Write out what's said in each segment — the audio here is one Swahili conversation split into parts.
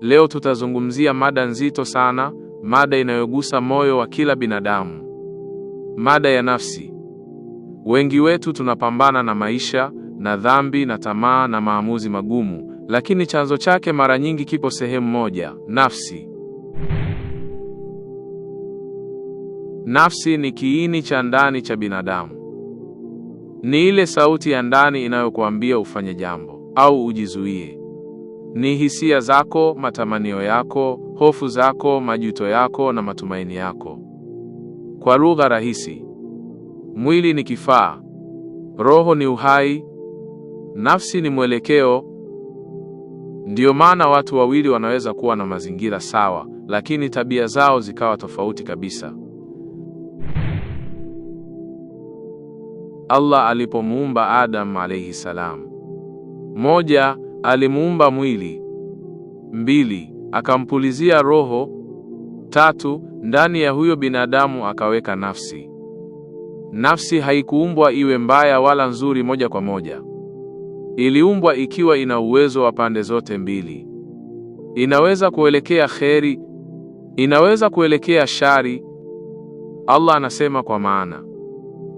Leo tutazungumzia mada nzito sana, mada inayogusa moyo wa kila binadamu, mada ya nafsi. Wengi wetu tunapambana na maisha na dhambi na tamaa na maamuzi magumu, lakini chanzo chake mara nyingi kipo sehemu moja: nafsi. Nafsi ni kiini cha ndani cha binadamu. Ni ile sauti ya ndani inayokuambia ufanye jambo au ujizuie, ni hisia zako, matamanio yako, hofu zako, majuto yako na matumaini yako. Kwa lugha rahisi, mwili ni kifaa, roho ni uhai, nafsi ni mwelekeo. Ndiyo maana watu wawili wanaweza kuwa na mazingira sawa, lakini tabia zao zikawa tofauti kabisa. Allah alipomuumba Adam alayhi salam, moja alimuumba mwili. Mbili, akampulizia roho. Tatu, ndani ya huyo binadamu akaweka nafsi. Nafsi haikuumbwa iwe mbaya wala nzuri moja kwa moja. Iliumbwa ikiwa ina uwezo wa pande zote mbili. Inaweza kuelekea kheri, inaweza kuelekea shari. Allah anasema kwa maana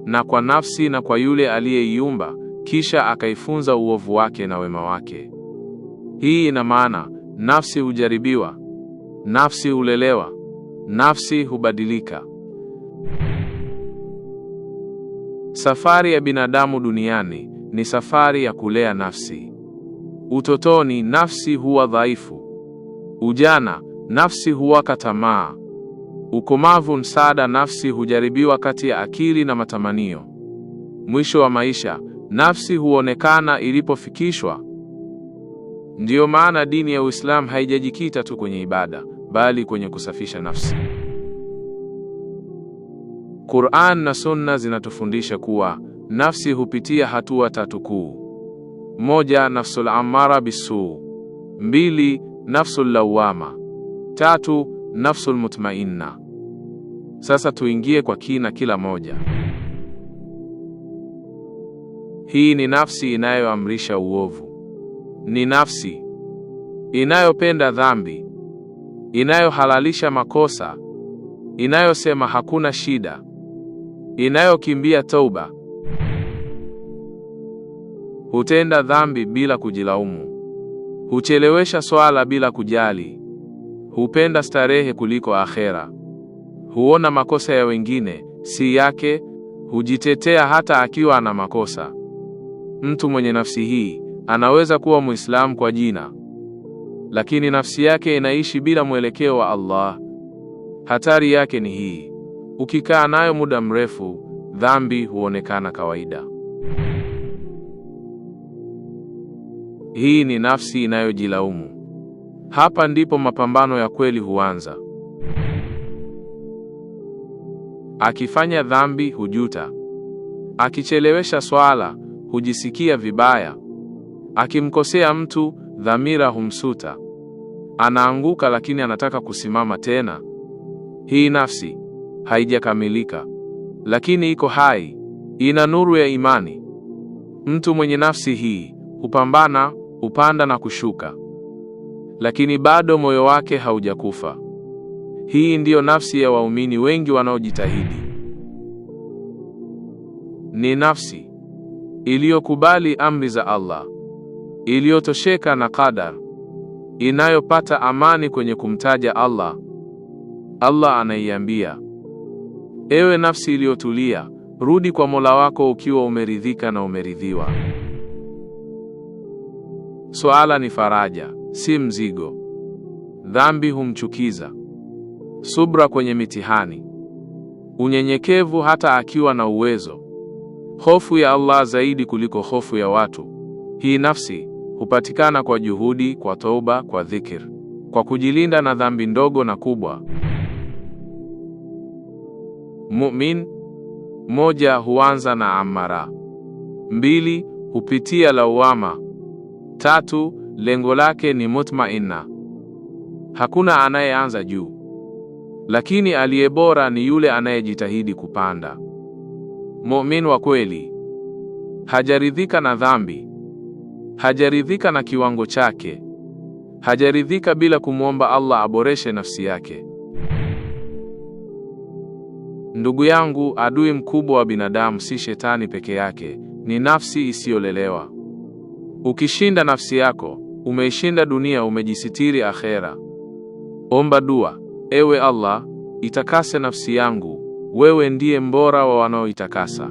na kwa nafsi na kwa yule aliyeiumba, kisha akaifunza uovu wake na wema wake. Hii ina maana nafsi hujaribiwa, nafsi hulelewa, nafsi hubadilika. Safari ya binadamu duniani ni safari ya kulea nafsi. Utotoni nafsi huwa dhaifu, ujana nafsi huwaka tamaa, ukomavu msaada, nafsi hujaribiwa kati ya akili na matamanio. Mwisho wa maisha nafsi huonekana ilipofikishwa Ndiyo maana dini ya Uislamu haijajikita tu kwenye ibada, bali kwenye kusafisha nafsi. Qur'an na Sunna zinatufundisha kuwa nafsi hupitia hatua tatu kuu: moja, nafsul amara bisu; mbili, nafsul lawama; tatu, nafsul mutmainna. Sasa tuingie kwa kina kila moja. Hii ni nafsi inayoamrisha uovu ni nafsi inayopenda dhambi, inayohalalisha makosa, inayosema hakuna shida, inayokimbia toba, hutenda dhambi bila kujilaumu, huchelewesha swala bila kujali, hupenda starehe kuliko akhera, huona makosa ya wengine si yake, hujitetea hata akiwa ana makosa. Mtu mwenye nafsi hii Anaweza kuwa Muislamu kwa jina, lakini nafsi yake inaishi bila mwelekeo wa Allah. Hatari yake ni hii: ukikaa nayo muda mrefu, dhambi huonekana kawaida. Hii ni nafsi inayojilaumu. Hapa ndipo mapambano ya kweli huanza. Akifanya dhambi hujuta, akichelewesha swala hujisikia vibaya, Akimkosea mtu dhamira humsuta, anaanguka lakini anataka kusimama tena. Hii nafsi haijakamilika, lakini iko hai, ina nuru ya imani. Mtu mwenye nafsi hii hupambana, hupanda na kushuka, lakini bado moyo wake haujakufa. Hii ndiyo nafsi ya waumini wengi wanaojitahidi. Ni nafsi iliyokubali amri za Allah iliyotosheka na qadar inayopata amani kwenye kumtaja Allah. Allah anaiambia, ewe nafsi iliyotulia, rudi kwa Mola wako ukiwa umeridhika na umeridhiwa. Swala ni faraja, si mzigo. Dhambi humchukiza. Subra kwenye mitihani. Unyenyekevu hata akiwa na uwezo. Hofu ya Allah zaidi kuliko hofu ya watu. Hii nafsi hupatikana kwa juhudi, kwa toba, kwa dhikir, kwa kujilinda na dhambi ndogo na kubwa. Mumin moja huanza na amara, mbili hupitia lawama, tatu lengo lake ni mutmainna. Hakuna anayeanza juu, lakini aliye bora ni yule anayejitahidi kupanda. Mumin wa kweli hajaridhika na dhambi, hajaridhika na kiwango chake, hajaridhika bila kumwomba Allah aboreshe nafsi yake. Ndugu yangu, adui mkubwa wa binadamu si shetani peke yake, ni nafsi isiyolelewa. Ukishinda nafsi yako, umeishinda dunia, umejisitiri akhera. Omba dua: ewe Allah, itakase nafsi yangu, wewe ndiye mbora wa wanaoitakasa.